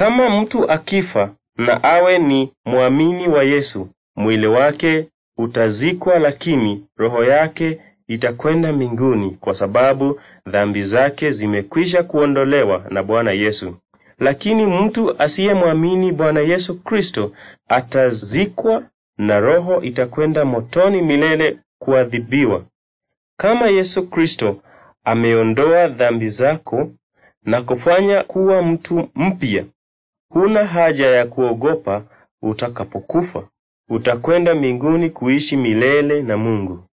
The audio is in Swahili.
Kama mtu akifa na awe ni mwamini wa Yesu, mwili wake utazikwa, lakini roho yake itakwenda mbinguni kwa sababu dhambi zake zimekwisha kuondolewa na Bwana Yesu. Lakini mtu asiyemwamini Bwana Yesu Kristo atazikwa na roho itakwenda motoni milele kuadhibiwa. Kama Yesu Kristo ameondoa dhambi zako na kufanya kuwa mtu mpya, Huna haja ya kuogopa utakapokufa, utakwenda mbinguni kuishi milele na Mungu.